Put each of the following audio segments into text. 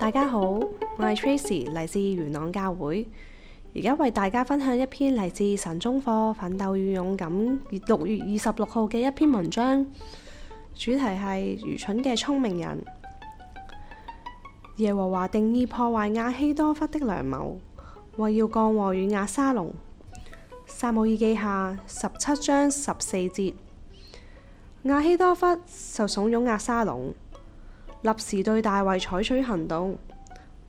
大家好，我係 Tracy，嚟自元朗教會，而家為大家分享一篇嚟自神中課《奮鬥與勇敢》六月二十六號嘅一篇文章，主題係愚蠢嘅聰明人。耶和華定意破壞亞希多弗的良謀。為要降禍於亞沙龍，撒母耳記下十七章十四節。亞希多弗就慫恿亞沙龍，立時對大衛採取行動。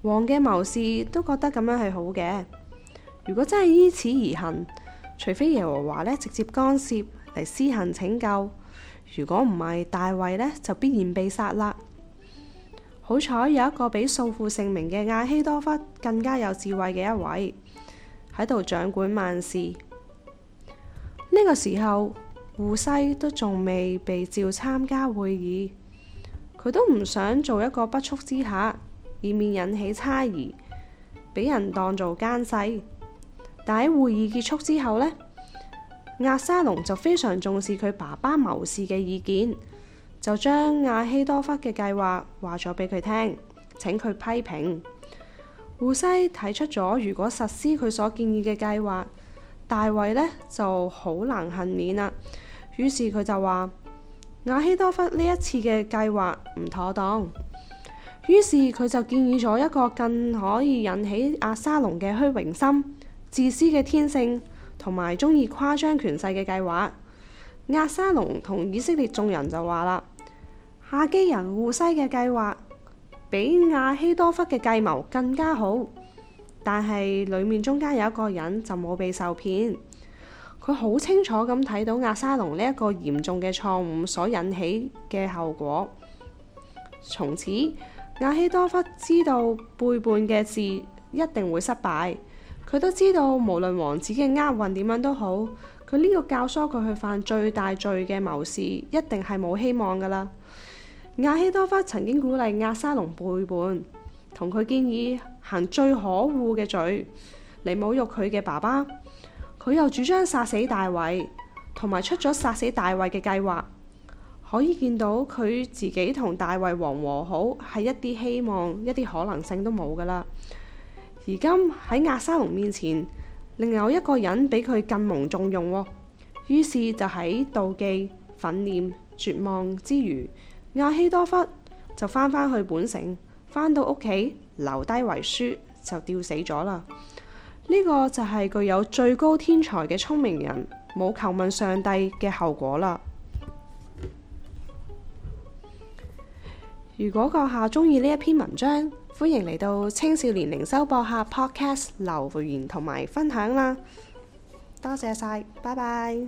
王嘅謀士都覺得咁樣係好嘅。如果真係依此而行，除非耶和華咧直接干涉嚟，施行拯救，如果唔係，大衛咧就必然被殺啦。好彩有一個比素負盛名嘅亞希多弗更加有智慧嘅一位喺度掌管萬事。呢個時候，戶篩都仲未被召，召參加會議，佢都唔想做一個不速之客，以免引起猜疑，俾人當做奸細。但喺會議結束之後呢，押沙龍就非常重視佢爸爸謀士嘅意見。就將亞希多弗嘅計劃話咗俾佢聽，請佢批評。胡西睇出咗，如果實施佢所建議嘅計劃，大衛呢就好難幸免啦。於是佢就話亞希多弗呢一次嘅計劃唔妥當。於是佢就建議咗一個更可以引起亞沙龍嘅虛榮心、自私嘅天性同埋中意誇張權勢嘅計劃。亞沙龍同以色列眾人就話啦。夏基人護西嘅計劃比亞希多弗嘅計謀更加好，但係裏面中間有一個人就冇被受騙。佢好清楚咁睇到亞莎龍呢一個嚴重嘅錯誤所引起嘅後果。從此亞希多弗知道背叛嘅事一定會失敗。佢都知道無論王子嘅厄運點樣都好，佢呢個教唆佢去犯最大罪嘅謀士一定係冇希望噶啦。亞希多弗曾經鼓勵亞莎龍背叛，同佢建議行最可惡嘅罪嚟侮辱佢嘅爸爸。佢又主張殺死大衛，同埋出咗殺死大衛嘅計劃。可以見到佢自己同大衛王和好係一啲希望，一啲可能性都冇㗎喇。而今喺亞莎龍面前，另有一個人比佢更蒙重用，於是就喺妒忌、憤念、絕望之餘。亞希多弗就翻返去本城，翻到屋企留低遺書就吊死咗啦。呢個就係具有最高天才嘅聰明人冇求問上帝嘅後果啦。如果閣下鍾意呢一篇文章，歡迎嚟到青少年靈修博客 Podcast 留言同埋分享啦。多謝晒，拜拜。